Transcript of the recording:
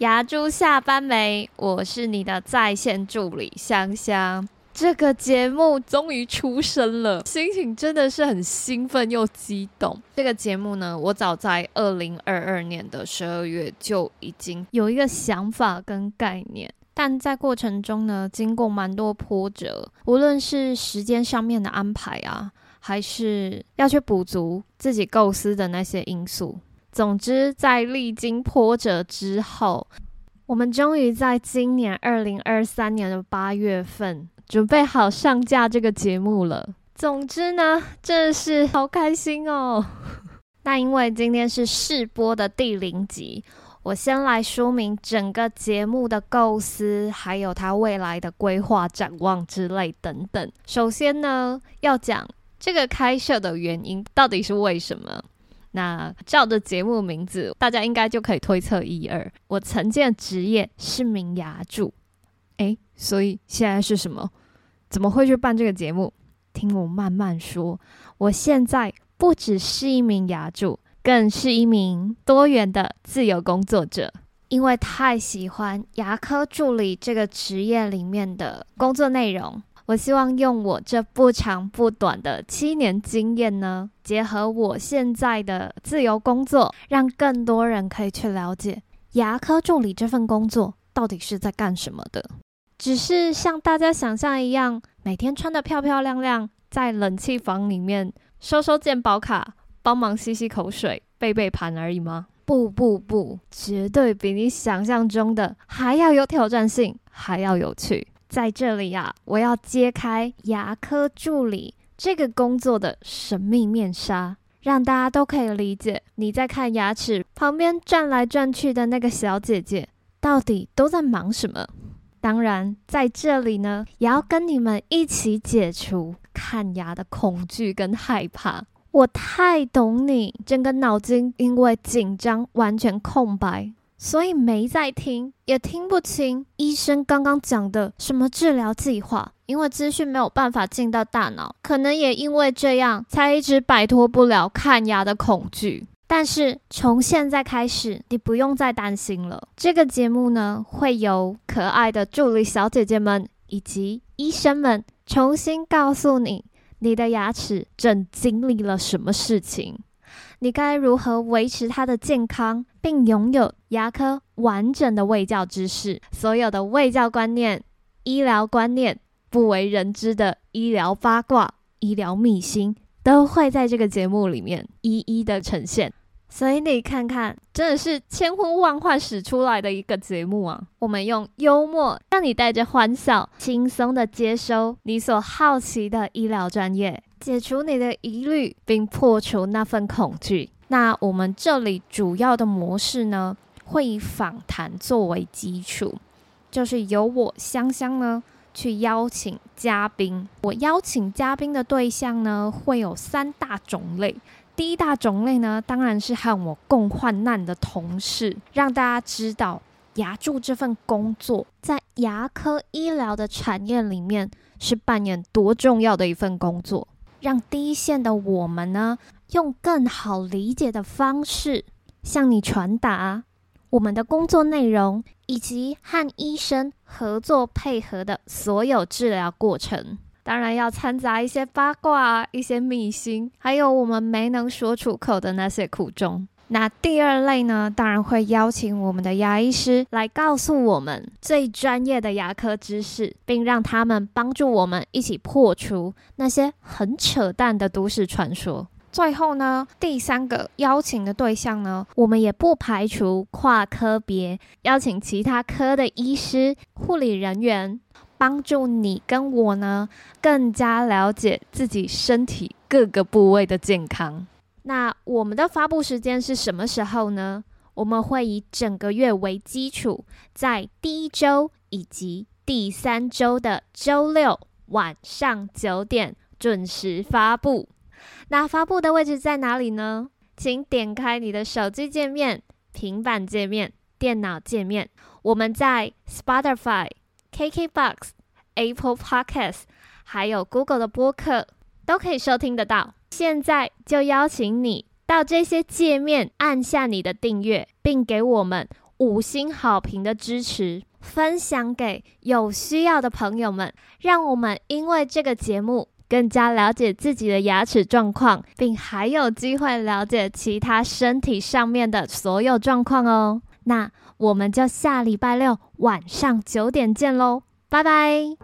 牙珠下班沒？我是你的在線助理香香。這個節目終於出生了，心情真的是很興奮又激動。這個節目呢，我早在二零二二年的十二月就已經有一個想法跟概念，但在過程中呢，經過蠻多波折，無論是時間上面的安排啊，還是要去補足自己構思的那些因素。總之，在歷經波折之後，我們終於在今年二零二三年的八月份準備好上架這個節目了。總之呢，真是好開心哦。 那因為今天是試播的第零集，我先來說明整個節目的構思，還有它未來的規劃、展望之類等等。首先呢，要講這個開設的原因到底是為什麼。那照着節目名字，大家應該就可以推測一二。我曾經的職業是名牙助，哎，所以現在是什麼？怎麼會去辦這個節目？聽我慢慢說。我現在不只是一名牙助，更是一名多元的自由工作者，因為太喜歡牙科助理這個職業裡面的工作內容。我希望用我這不長不短的七年經驗呢，結合我現在的自由工作，讓更多人可以去了解牙科助理這份工作到底是在幹什麼的。只是像大家想象一樣，每天穿得漂漂亮亮，在冷氣房裡面收收健保卡，幫忙吸吸口水，背背盤而已嗎？不不不，絕對比你想象中的還要有挑戰性，還要有趣。在這裡呀、啊，我要揭開牙科助理這個工作的神秘面紗，讓大家都可以理解你在看牙齒旁邊轉來轉去的那個小姐姐到底都在忙什麼？當然，在這裡呢，也要跟你們一起解除看牙的恐懼跟害怕。我太懂你，整個腦筋因為緊張完全空白。所以沒在聽，也聽不清醫生剛剛講的什麼治療計劃。因為資訊沒有辦法進到大腦，可能也因為這樣，才一直擺脫不了看牙的恐懼。但是從現在開始，你不用再擔心了。這個節目呢，會由可愛的助理小姐姐們以及醫生們重新告訴你，你的牙齒正經歷了什麼事情。你該如何維持他的健康，並擁有牙科完整的衛教知識？所有的衛教觀念、醫療觀念、不為人知的醫療八卦、醫療秘辛，都會在這個節目裡面一一地呈現。所以你看看，真的是千呼萬喚始出來的一個節目啊！我們用幽默，讓你帶着歡笑，輕鬆地接收你所好奇的醫療專業。解除你的疑慮，並破除那份恐懼。那我們這裡主要的模式呢，會以訪談作為基礎，就是由我香香呢去邀請嘉賓。我邀請嘉賓的對象呢，會有三大種類。第一大種類呢，當然是和我共患難的同事，讓大家知道，牙助這份工作，在牙科醫療的產業裡面，是扮演多重要的一份工作。讓第一線的我們呢，用更好理解的方式向你傳達我們的工作內容，以及和醫生合作配合的所有治療過程。當然要摻雜一些八卦、一些秘辛，還有我們沒能說出口的那些苦衷。那第二類呢，當然會邀請我們的牙醫師來告訴我們最專業的牙科知識，並讓他們幫助我們一起破除那些很扯淡的都市傳說。最後呢，第三個邀請的對象呢，我們也不排除跨科別邀請其他科的醫師、護理人員，幫助你跟我呢更加了解自己身體各個部位的健康。那我們的發布時間是什麼時候呢？我們會以整個月為基礎，在第一周以及第三周的周六晚上九點準時發布。那發布的位置在哪裡呢？請點開你的手機界面、平板界面、電腦界面。我們在 Spotify、KKbox、Apple Podcast，還有 Google 的播客都可以收聽得到。現在就邀請你到這些界面，按下你的訂閱，並給我們五星好評的支持，分享給有需要的朋友們，讓我們因為這個節目更加了解自己的牙齒狀況，並還有機會了解其他身體上面的所有狀況哦。那我們就下禮拜六晚上九點見嘍，拜拜。